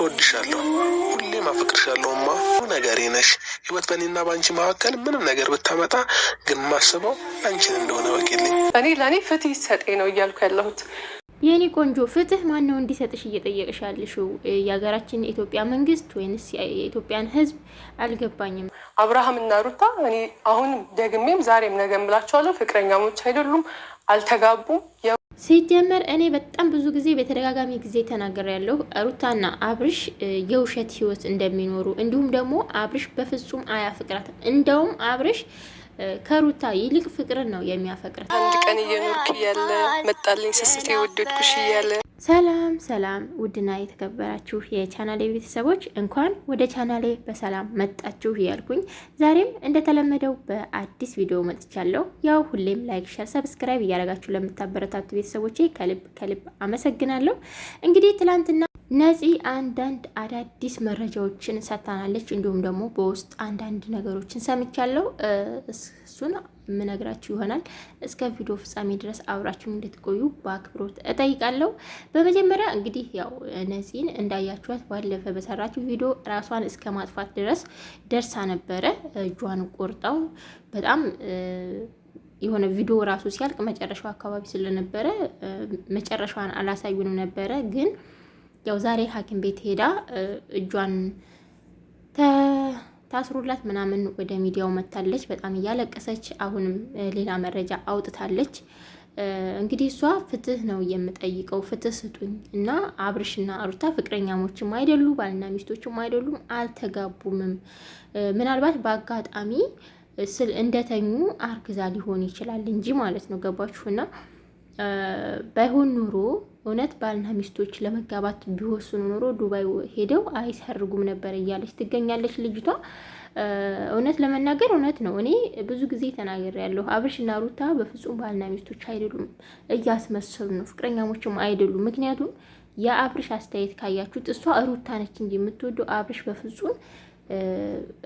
እወድሻለሁ፣ ሁሌም አፈቅርሻለሁማ ነገሬ ነሽ። ህይወት በእኔና በአንቺ መካከል ምንም ነገር ብታመጣ ግን ማስበው አንቺን እንደሆነ ወቂልኝ። እኔ ለእኔ ፍትህ ይሰጠኝ ነው እያልኩ ያለሁት የኔ ቆንጆ። ፍትህ ማን ነው እንዲሰጥሽ እየጠየቅሽ ያለሽው? የሀገራችን የኢትዮጵያ መንግስት ወይንስ የኢትዮጵያን ህዝብ? አልገባኝም። አብርሃም እና ሩታ እኔ አሁን ደግሜም ዛሬም ነገ እምላቸዋለሁ፣ ፍቅረኛሞች አይደሉም፣ አልተጋቡም። ሲጀመር እኔ በጣም ብዙ ጊዜ በተደጋጋሚ ጊዜ ያለሁ ሩታና አብርሽ የውሸት ህይወት እንደሚኖሩ እንዲሁም ደግሞ አብርሽ በፍጹም አያፍቅራትም። እንደውም አብርሽ ከሩታ ይልቅ ፍቅርን ነው የሚያፈቅር። አንድ ቀን እየኖርክ እያለ መጣልኝ ስስቴ ወደድኩሽ እያለ ሰላም ሰላም፣ ውድና የተከበራችሁ የቻናሌ ቤተሰቦች እንኳን ወደ ቻናሌ በሰላም መጣችሁ እያልኩኝ ዛሬም እንደተለመደው በአዲስ ቪዲዮ መጥቻለሁ። ያው ሁሌም ላይክ፣ ሸር፣ ሰብስክራይብ እያደረጋችሁ ለምታበረታቱ ቤተሰቦቼ ከልብ ከልብ አመሰግናለሁ። እንግዲህ ትላንትና ነፂ አንዳንድ አዳዲስ መረጃዎችን ሰታናለች እንዲሁም ደግሞ በውስጥ አንዳንድ ነገሮችን ሰምቻለሁ። እሱን ምነግራችሁ ይሆናል። እስከ ቪዲዮ ፍጻሜ ድረስ አብራችሁ እንድትቆዩ በአክብሮት እጠይቃለሁ። በመጀመሪያ እንግዲህ ያው ነፂን እንዳያችኋት ባለፈ በሰራችሁ ቪዲዮ ራሷን እስከ ማጥፋት ድረስ ደርሳ ነበረ። እጇን ቆርጠው በጣም የሆነ ቪዲዮ ራሱ ሲያልቅ መጨረሻው አካባቢ ስለነበረ መጨረሻዋን አላሳዩንም ነበረ ግን ያው ዛሬ ሐኪም ቤት ሄዳ እጇን ታስሩላት ምናምን ወደ ሚዲያው መታለች። በጣም እያለቀሰች አሁንም ሌላ መረጃ አውጥታለች። እንግዲህ እሷ ፍትህ ነው የምጠይቀው፣ ፍትህ ስጡኝ እና አብርሽና አሩታ ፍቅረኛሞችም አይደሉ፣ ባልና ሚስቶችም አይደሉም፣ አልተጋቡምም። ምናልባት በአጋጣሚ ስል እንደተኙ አርግዛ ሊሆን ይችላል እንጂ ማለት ነው። ገባችሁና ባይሆን ኑሮ እውነት ባልና ሚስቶች ለመጋባት ቢወስኑ ኑሮ ዱባይ ሄደው አይሰርጉም ነበር እያለች ትገኛለች ልጅቷ። እውነት ለመናገር እውነት ነው። እኔ ብዙ ጊዜ ተናግሬያለሁ። አብርሽ እና ሩታ በፍጹም ባልና ሚስቶች አይደሉም፣ እያስመሰሉ ነው። ፍቅረኛሞችም አይደሉም። ምክንያቱም የአብርሽ አስተያየት ካያችሁት እሷ ሩታ ነች እንጂ የምትወደው አብርሽ በፍጹም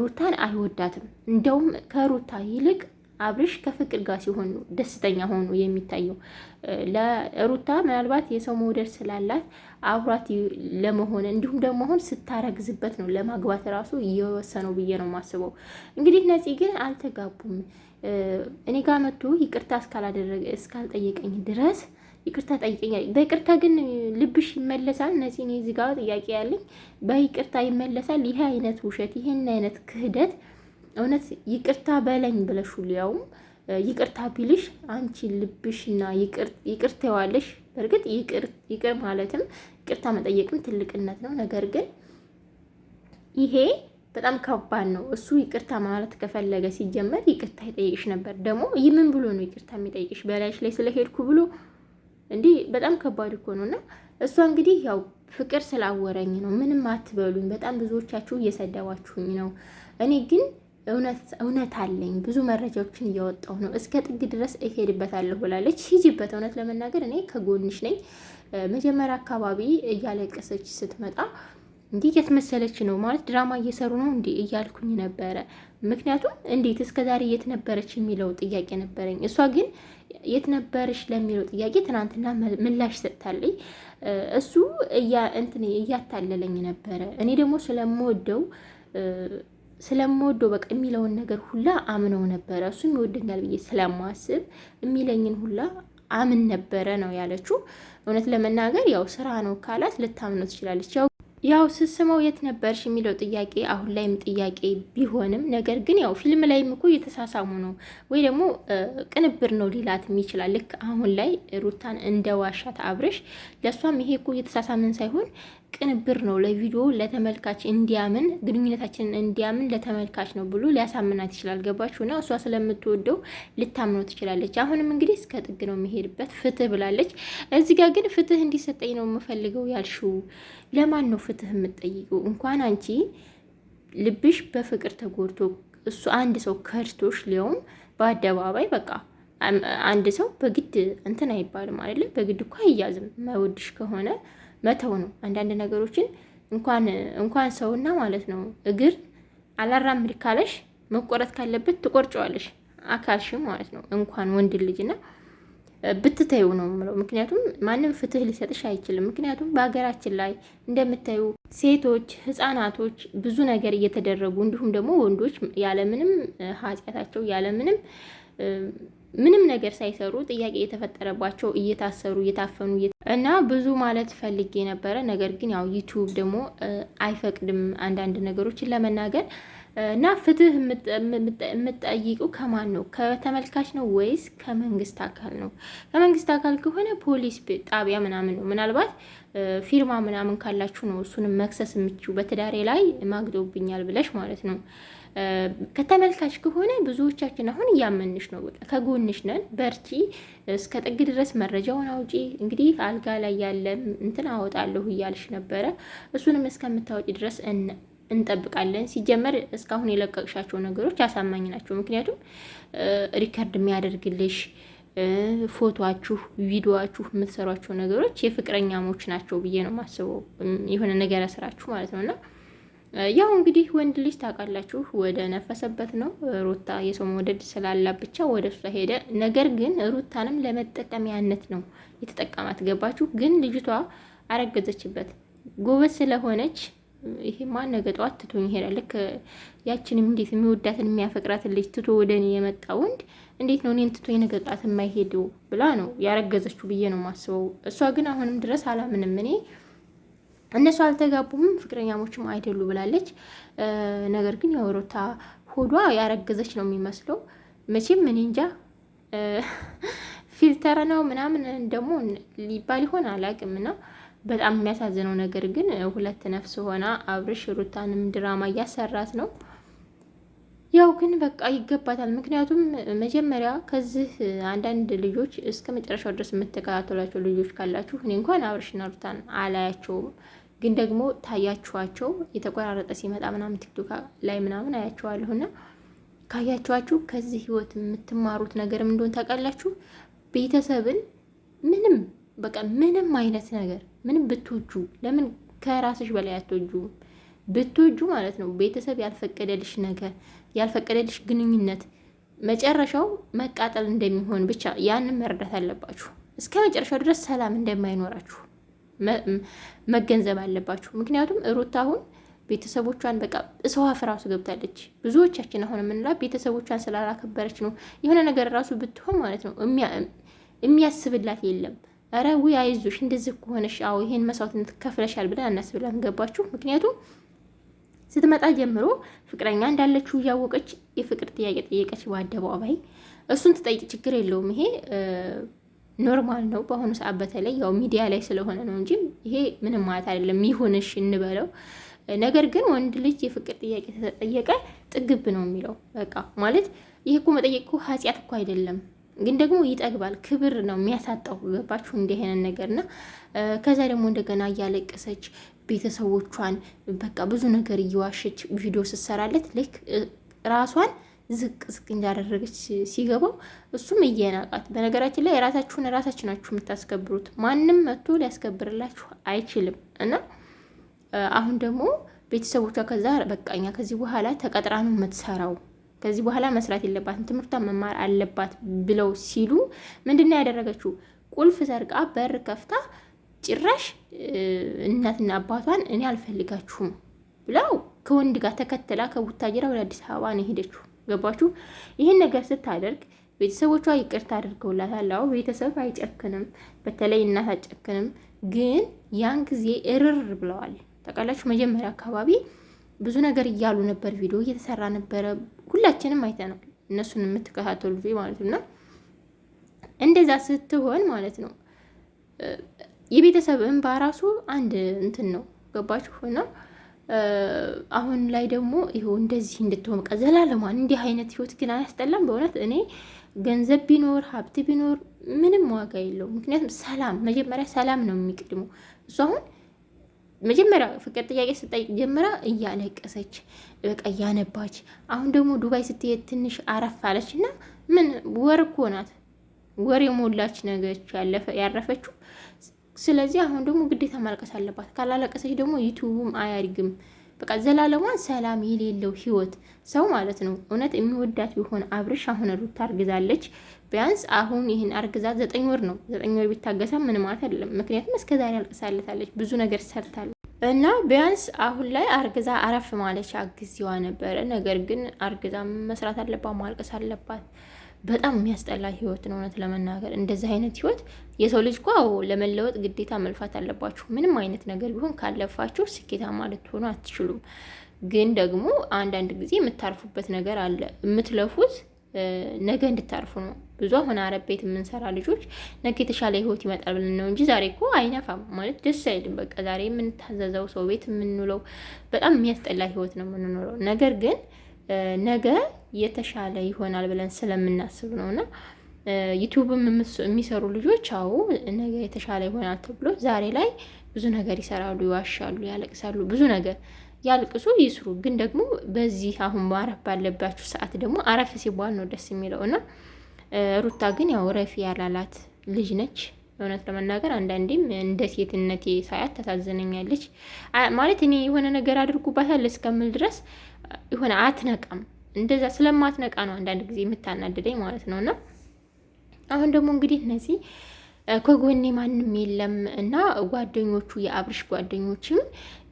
ሩታን አይወዳትም። እንደውም ከሩታ ይልቅ አብርሽ ከፍቅር ጋር ሲሆኑ ደስተኛ ሆኑ የሚታየው። ለሩታ ምናልባት የሰው መውደድ ስላላት አብሯት ለመሆን እንዲሁም ደግሞ አሁን ስታረግዝበት ነው ለማግባት ራሱ እየወሰነው ብዬ ነው የማስበው። እንግዲህ ነፂ ግን አልተጋቡም። እኔ ጋር መጥቶ ይቅርታ እስካላደረገ እስካልጠየቀኝ ድረስ ይቅርታ ጠይቀኛል። በይቅርታ ግን ልብሽ ይመለሳል። ነፂ እኔ እዚህ ጋር ጥያቄ ያለኝ በይቅርታ ይመለሳል። ይሄ አይነት ውሸት፣ ይሄን አይነት ክህደት እውነት ይቅርታ በለኝ ብለሽ ሊያውም ይቅርታ ቢልሽ አንቺ ልብሽና ይቅርታ የዋለሽ በእርግጥ ይቅር ማለትም ይቅርታ መጠየቅም ትልቅነት ነው። ነገር ግን ይሄ በጣም ከባድ ነው። እሱ ይቅርታ ማለት ከፈለገ ሲጀመር ይቅርታ ይጠይቅሽ ነበር። ደግሞ ይህ ምን ብሎ ነው ይቅርታ የሚጠይቅሽ? በላይሽ ላይ ስለሄድኩ ብሎ እንዲህ በጣም ከባድ እኮ ነው። እና እሷ እንግዲህ ያው ፍቅር ስላወረኝ ነው ምንም አትበሉኝ፣ በጣም ብዙዎቻችሁ እየሰደባችሁኝ ነው። እኔ ግን እውነት አለኝ ብዙ መረጃዎችን እያወጣሁ ነው፣ እስከ ጥግ ድረስ እሄድበታለሁ ብላለች። ሂጂበት። እውነት ለመናገር እኔ ከጎንሽ ነኝ። መጀመሪያ አካባቢ እያለቀሰች ስትመጣ እንዲህ የትመሰለች ነው ማለት ድራማ እየሰሩ ነው እንዲ እያልኩኝ ነበረ። ምክንያቱም እንዴት እስከ ዛሬ የት ነበረች የሚለው ጥያቄ ነበረኝ። እሷ ግን የት ነበረች ለሚለው ጥያቄ ትናንትና ምላሽ ሰጥታለኝ። እሱ እንትን እያታለለኝ ነበረ። እኔ ደግሞ ስለምወደው ስለምወደው በቃ የሚለውን ነገር ሁላ አምነው ነበረ። እሱም ይወደኛል ብዬ ስለማስብ የሚለኝን ሁላ አምን ነበረ ነው ያለችው። እውነት ለመናገር ያው ስራ ነው ካላት ልታምነው ትችላለች። ያው ያው ስስመው የት ነበርሽ የሚለው ጥያቄ አሁን ላይም ጥያቄ ቢሆንም ነገር ግን ያው ፊልም ላይም እኮ እየተሳሳሙ ነው ወይ ደግሞ ቅንብር ነው ሊላትም ይችላል። ልክ አሁን ላይ ሩታን እንደ ዋሻት አብርሽ ለእሷም ይሄ እኮ እየተሳሳምን ሳይሆን ቅንብር ነው ለቪዲዮ ለተመልካች እንዲያምን ግንኙነታችንን እንዲያምን ለተመልካች ነው ብሎ ሊያሳምናት ይችላል። ገባችሁና እሷ ስለምትወደው ልታምነው ትችላለች። አሁንም እንግዲህ እስከ ጥግ ነው የሚሄድበት ፍትህ ብላለች። እዚህ ጋር ግን ፍትህ እንዲሰጠኝ ነው የምፈልገው ያልሽው ለማን ነው ፍትህ የምትጠይቀው? እንኳን አንቺ ልብሽ በፍቅር ተጎድቶ እሱ አንድ ሰው ከድቶሽ ሊያውም በአደባባይ በቃ አንድ ሰው በግድ እንትን አይባልም አይደለ? በግድ እኮ አይያዝም። የማይወድሽ ከሆነ መተው ነው። አንዳንድ ነገሮችን እንኳን እንኳን ሰውና ማለት ነው እግር አላራምድ ካለሽ መቆረጥ ካለበት ትቆርጨዋለሽ አካልሽ ማለት ነው። እንኳን ወንድ ልጅና ብትተዩ ነው የምለው። ምክንያቱም ማንም ፍትህ ሊሰጥሽ አይችልም። ምክንያቱም በሀገራችን ላይ እንደምታዩ ሴቶች፣ ህጻናቶች ብዙ ነገር እየተደረጉ እንዲሁም ደግሞ ወንዶች ያለምንም ኃጢአታቸው ያለምንም ምንም ነገር ሳይሰሩ ጥያቄ የተፈጠረባቸው እየታሰሩ እየታፈኑ እና ብዙ ማለት ፈልጌ ነበረ። ነገር ግን ያው ዩቱብ ደግሞ አይፈቅድም አንዳንድ ነገሮችን ለመናገር እና ፍትህ የምጠይቁ ከማን ነው? ከተመልካች ነው ወይስ ከመንግስት አካል ነው? ከመንግስት አካል ከሆነ ፖሊስ ጣቢያ ምናምን ነው። ምናልባት ፊርማ ምናምን ካላችሁ ነው እሱንም መክሰስ የምችው በትዳሬ ላይ ማግደውብኛል ብለሽ ማለት ነው። ከተመልካች ከሆነ ብዙዎቻችን አሁን እያመንሽ ነው፣ ከጎንሽ ነን፣ በርቺ፣ እስከ ጥግ ድረስ መረጃውን አውጪ። እንግዲህ አልጋ ላይ ያለ እንትን አወጣለሁ እያልሽ ነበረ። እሱንም እስከምታወጪ ድረስ እንጠብቃለን። ሲጀመር እስካሁን የለቀቅሻቸው ነገሮች አሳማኝ ናቸው። ምክንያቱም ሪከርድ የሚያደርግልሽ ፎቶችሁ፣ ቪዲዮችሁ፣ የምትሰሯቸው ነገሮች የፍቅረኛሞች ናቸው ብዬ ነው የማስበው። የሆነ ነገር ስራችሁ ማለት ነው እና ያው እንግዲህ ወንድ ልጅ ታውቃላችሁ ወደ ነፈሰበት ነው። ሩታ የሰው መውደድ ስላላ ብቻ ወደ እሷ ሄደ። ነገር ግን ሩታንም ለመጠቀሚያነት ነው የተጠቀማት። ገባችሁ? ግን ልጅቷ አረገዘችበት። ጎበዝ ስለሆነች ይሄ ማን ነገ ጠዋት ትቶኝ ይሄዳል። ልክ ያችንም እንዴት የሚወዳትን የሚያፈቅራትን ልጅ ትቶ ወደ እኔ የመጣ ወንድ እንዴት ነው እኔን ትቶኝ ነገ ጠዋት የማይሄደው ብላ ነው ያረገዘችው ብዬ ነው ማስበው። እሷ ግን አሁንም ድረስ አላምንም እኔ እነሱ አልተጋቡም ፍቅረኛሞችም አይደሉ ብላለች። ነገር ግን ያው ሩታ ሆዷ ያረገዘች ነው የሚመስለው። መቼም እኔ እንጃ ፊልተር ነው ምናምን ደግሞ ሊባል ይሆን አላውቅም። እና በጣም የሚያሳዝነው ነገር ግን ሁለት ነፍስ ሆና አብርሽ ሩታንም ድራማ እያሰራት ነው። ያው ግን በቃ ይገባታል። ምክንያቱም መጀመሪያ ከዚህ አንዳንድ ልጆች እስከ መጨረሻው ድረስ የምትከታተሏቸው ልጆች ካላችሁ እኔ እንኳን አብርሽና ሩታን አላያቸውም። ግን ደግሞ ታያችኋቸው የተቆራረጠ ሲመጣ ምናምን ቲክቶክ ላይ ምናምን አያቸዋለሁ እና ካያችኋችሁ ከዚህ ህይወት የምትማሩት ነገርም እንደሆን ታውቃላችሁ። ቤተሰብን ምንም በቃ ምንም አይነት ነገር ምንም ብትወጁ፣ ለምን ከራስሽ በላይ አትወጁም? ብትወጁ ማለት ነው ቤተሰብ ያልፈቀደልሽ ነገር ያልፈቀደልሽ ግንኙነት መጨረሻው መቃጠል እንደሚሆን ብቻ ያንን መረዳት አለባችሁ። እስከ መጨረሻው ድረስ ሰላም እንደማይኖራችሁ መገንዘብ አለባችሁ። ምክንያቱም ሩታ አሁን ቤተሰቦቿን በቃ እሰዋ ፍራሱ ገብታለች። ብዙዎቻችን አሁን የምንላ ቤተሰቦቿን ስላላከበረች ነው። የሆነ ነገር ራሱ ብትሆን ማለት ነው የሚያስብላት የለም። ኧረ ውይ አይዞሽ፣ እንደዚህ ከሆነሽ አዎ ይሄን መስዋዕትነት ከፍለሻል ብለን አናስብላት። ገባችሁ? ምክንያቱም ስትመጣ ጀምሮ ፍቅረኛ እንዳለችው እያወቀች የፍቅር ጥያቄ ጠየቀች በአደባባይ። እሱን ትጠይቅ ችግር የለውም ይሄ ኖርማል ነው። በአሁኑ ሰዓት በተለይ ያው ሚዲያ ላይ ስለሆነ ነው እንጂ ይሄ ምንም ማለት አይደለም። ይሁንሽ እንበለው። ነገር ግን ወንድ ልጅ የፍቅር ጥያቄ ተጠየቀ ጥግብ ነው የሚለው በቃ ማለት ይሄ እኮ መጠየቅ እኮ ኃጢአት እኮ አይደለም ግን ደግሞ ይጠግባል። ክብር ነው የሚያሳጣው። ገባችሁ? እንዲህ ነገር ነገርና ከዛ ደግሞ እንደገና እያለቀሰች ቤተሰቦቿን በቃ ብዙ ነገር እየዋሸች ቪዲዮ ስትሰራለት ልክ ራሷን ዝቅ ዝቅ እንዳደረገች ሲገባው እሱም እየናቃት። በነገራችን ላይ የራሳችሁን ራሳችሁ ናችሁ የምታስከብሩት፣ ማንም መቶ ሊያስከብርላችሁ አይችልም። እና አሁን ደግሞ ቤተሰቦቿ ከዛ በቃኛ፣ ከዚህ በኋላ ተቀጥራ ነው የምትሰራው፣ ከዚህ በኋላ መስራት የለባትም ትምህርቷን መማር አለባት ብለው ሲሉ ምንድን ነው ያደረገችው? ቁልፍ ሰርቃ በር ከፍታ ጭራሽ እናትና አባቷን እኔ አልፈልጋችሁም ብለው ከወንድ ጋር ተከትላ ከቡታጅራ ወደ አዲስ አበባ ነው የሄደችው። ገባችሁ? ይህን ነገር ስታደርግ ቤተሰቦቿ ይቅርታ አድርገውላታል። አዎ ቤተሰብ አይጨክንም፣ በተለይ እናት አይጨክንም ግን ያን ጊዜ እርር ብለዋል። ታውቃላችሁ መጀመሪያ አካባቢ ብዙ ነገር እያሉ ነበር፣ ቪዲዮ እየተሰራ ነበረ። ሁላችንም አይተናል፣ እነሱን የምትከታተሉ ማለት ነው። እንደዛ ስትሆን ማለት ነው የቤተሰብ እንባ ራሱ አንድ እንትን ነው። ገባችሁ ነው? አሁን ላይ ደግሞ ይኸው እንደዚህ እንድትሆን በቃ ዘላለሟን እንዲህ አይነት ህይወት ግን አያስጠላም። በእውነት እኔ ገንዘብ ቢኖር ሀብት ቢኖር ምንም ዋጋ የለውም። ምክንያቱም ሰላም መጀመሪያ ሰላም ነው የሚቀድመው። እሱ አሁን መጀመሪያ ፍቅር ጥያቄ ስጠይቅ ጀምራ እያለቀሰች በቃ እያነባች፣ አሁን ደግሞ ዱባይ ስትሄድ ትንሽ አረፍ አለች እና ምን ወር እኮ ናት ወር የሞላች ነገች ያረፈችው ስለዚህ አሁን ደግሞ ግዴታ ማልቀስ አለባት። ካላለቀሰች ደግሞ ዩቱቡም አያድግም። በቃ ዘላለሟን ሰላም የሌለው ህይወት ሰው ማለት ነው። እውነት የሚወዳት ቢሆን አብርሽ አሁን ሩታ አርግዛለች። ቢያንስ አሁን ይህን አርግዛት ዘጠኝ ወር ነው። ዘጠኝ ወር ቢታገሳ ምን ማለት አይደለም። ምክንያቱም እስከዛሬ አልቅሳለታለች፣ ብዙ ነገር ሰርታለች እና ቢያንስ አሁን ላይ አርግዛ አረፍ ማለች ጊዜዋ ነበረ። ነገር ግን አርግዛ መስራት አለባት፣ ማልቀስ አለባት። በጣም የሚያስጠላ ህይወት ነው። እውነት ለመናገር እንደዚህ አይነት ህይወት የሰው ልጅ ጓ ለመለወጥ ግዴታ መልፋት አለባችሁ። ምንም አይነት ነገር ቢሆን ካለፋችሁ ስኬታማ ልትሆኑ አትችሉም። ግን ደግሞ አንዳንድ ጊዜ የምታርፉበት ነገር አለ። የምትለፉት ነገ እንድታርፉ ነው። ብዙ አሁን አረብ ቤት የምንሰራ ልጆች ነገ የተሻለ ህይወት ይመጣል ብለን ነው እንጂ ዛሬ እኮ አይነፋም ማለት ደስ አይልም። በቃ ዛሬ የምንታዘዘው ሰው ቤት የምንውለው በጣም የሚያስጠላ ህይወት ነው የምንኖረው ነገር ግን ነገ የተሻለ ይሆናል ብለን ስለምናስብ እና ዩቱብም የሚሰሩ ልጆች አዎ ነገ የተሻለ ይሆናል ተብሎ ዛሬ ላይ ብዙ ነገር ይሰራሉ፣ ይዋሻሉ፣ ያለቅሳሉ፣ ብዙ ነገር ያልቅሱ ይስሩ። ግን ደግሞ በዚህ አሁን ማረፍ ባለባችሁ ሰዓት ደግሞ አረፍ ሲባል ነው ደስ የሚለው እና ሩታ ግን ያው ረፊ ያላላት ልጅ ነች። እውነት ለመናገር አንዳንዴም እንደ ሴትነቴ ሳያት ታሳዝነኛለች። ማለት እኔ የሆነ ነገር አድርጉባታል እስከምል ድረስ የሆነ አትነቃም። እንደዛ ስለማትነቃ ነው አንዳንድ ጊዜ የምታናድደኝ ማለት ነው። እና አሁን ደግሞ እንግዲህ እነዚህ ከጎኔ ማንም የለም እና ጓደኞቹ የአብርሽ ጓደኞችም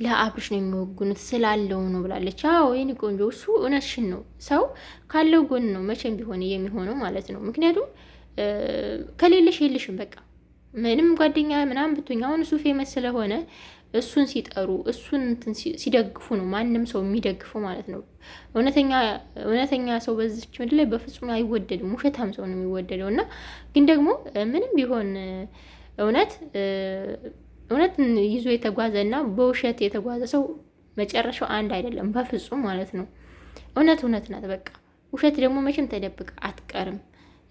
ለአብርሽ ነው የሚወጉኑት ስላለው ነው ብላለች። አዎ የኔ ቆንጆ፣ እሱ እውነትሽን ነው። ሰው ካለው ጎን ነው መቼም ቢሆን የሚሆነው ማለት ነው። ምክንያቱም ከሌለሽ የለሽም በቃ ምንም ጓደኛ ምናምን ብትሆኝ አሁን እሱ ፌመስ ስለሆነ እሱን ሲጠሩ እሱን ሲደግፉ ነው ማንም ሰው የሚደግፈው ማለት ነው። እውነተኛ ሰው በዚች ምድር ላይ በፍጹም አይወደድም፣ ውሸታም ሰው ነው የሚወደደው። እና ግን ደግሞ ምንም ቢሆን እውነት እውነት ይዞ የተጓዘ እና በውሸት የተጓዘ ሰው መጨረሻው አንድ አይደለም፣ በፍጹም ማለት ነው። እውነት እውነት ናት በቃ። ውሸት ደግሞ መቼም ተደብቅ አትቀርም።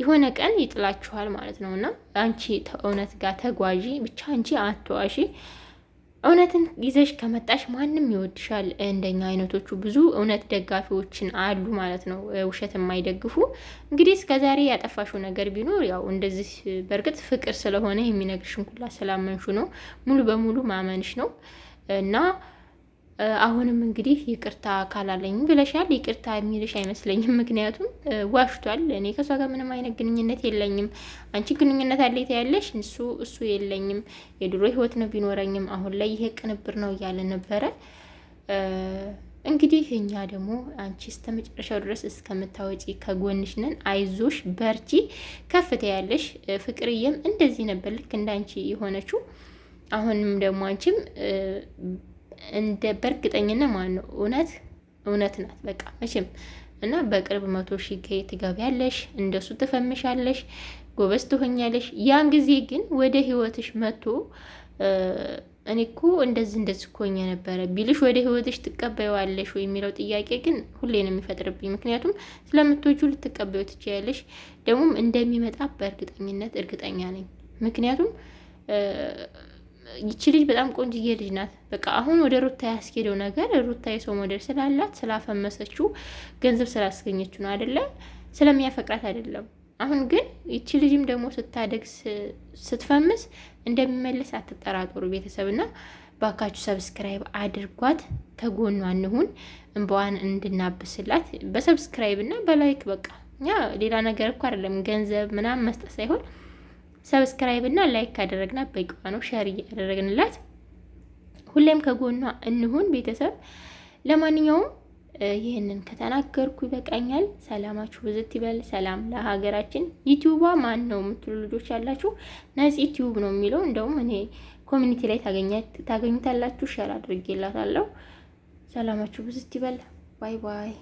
የሆነ ቀን ይጥላችኋል ማለት ነው። እና አንቺ እውነት ጋር ተጓዢ ብቻ አንቺ አትዋሺ። እውነትን ይዘሽ ከመጣሽ ማንም ይወድሻል። እንደኛ አይነቶቹ ብዙ እውነት ደጋፊዎችን አሉ ማለት ነው፣ ውሸት የማይደግፉ። እንግዲህ ዛሬ ያጠፋሽው ነገር ቢኖር ያው እንደዚህ በእርግጥ ፍቅር ስለሆነ የሚነግርሽን ኩላ ስላመንሹ ነው ሙሉ በሙሉ ማመንሽ ነው እና አሁንም እንግዲህ ይቅርታ ካላለኝ ብለሻል። ይቅርታ የሚልሽ አይመስለኝም። ምክንያቱም ዋሽቷል። እኔ ከሷ ጋር ምንም አይነት ግንኙነት የለኝም። አንቺ ግንኙነት አለ ያለሽ እሱ እሱ የለኝም። የድሮ ህይወት ነው ቢኖረኝም አሁን ላይ ይሄ ቅንብር ነው እያለ ነበረ። እንግዲህ እኛ ደግሞ አንቺ እስከ መጨረሻው ድረስ እስከምታወጪ ከጎንሽ ነን። አይዞሽ፣ በርቺ፣ ከፍታ ያለሽ ፍቅርዬም እንደዚህ ነበር ልክ እንዳንቺ የሆነችው። አሁንም ደግሞ አንቺም እንደ በእርግጠኝነት ማለት ነው እውነት እውነት ናት በቃ መቼም እና በቅርብ መቶ ሺህ ከ ትገቢያለሽ፣ እንደሱ ትፈምሻለሽ፣ ጎበዝ ትሆኛለሽ። ያን ጊዜ ግን ወደ ህይወትሽ መቶ እኔ እኮ እንደዚህ እንደዚህ ኮኝ ነበረ ቢልሽ ወደ ህይወትሽ ትቀበይዋለሽ ወይ የሚለው ጥያቄ ግን ሁሌ ነው የሚፈጥርብኝ። ምክንያቱም ስለምትወጁ ልትቀበዩ ትችያለሽ። ደግሞም እንደሚመጣ በእርግጠኝነት እርግጠኛ ነኝ። ምክንያቱም ይቺ ልጅ በጣም ቆንጅዬ ልጅ ናት። በቃ አሁን ወደ ሩታ ያስኬደው ነገር ሩታ የሰው ሞዴል ስላላት ስላፈመሰችው ገንዘብ ስላስገኘችው ነው አይደለ? ስለሚያፈቅራት አይደለም። አሁን ግን ይቺ ልጅም ደግሞ ስታደግ ስትፈምስ እንደሚመለስ አትጠራጠሩ ቤተሰብና ባካችሁ ሰብስክራይብ አድርጓት፣ ተጎኗ እንሁን፣ እንበዋን እንድናብስላት በሰብስክራይብ እና በላይክ በቃ እኛ ሌላ ነገር እኮ አይደለም ገንዘብ ምናምን መስጠት ሳይሆን ሰብስክራይብ እና ላይክ ካደረግና በቂዋ ነው። ሸር እያደረግንላት ሁሌም ከጎኗ እንሁን ቤተሰብ። ለማንኛውም ይህንን ከተናገርኩ ይበቃኛል። ሰላማችሁ ብዝት ይበል። ሰላም ለሀገራችን። ዩቲዩባ ማን ነው የምትሉ ልጆች ያላችሁ ነፂ ዩቲዩብ ነው የሚለው እንደውም እኔ ኮሚኒቲ ላይ ታገኙታላችሁ። ሸር አድርጌላታለሁ። ሰላማችሁ ብዝት ይበል። ባይ ባይ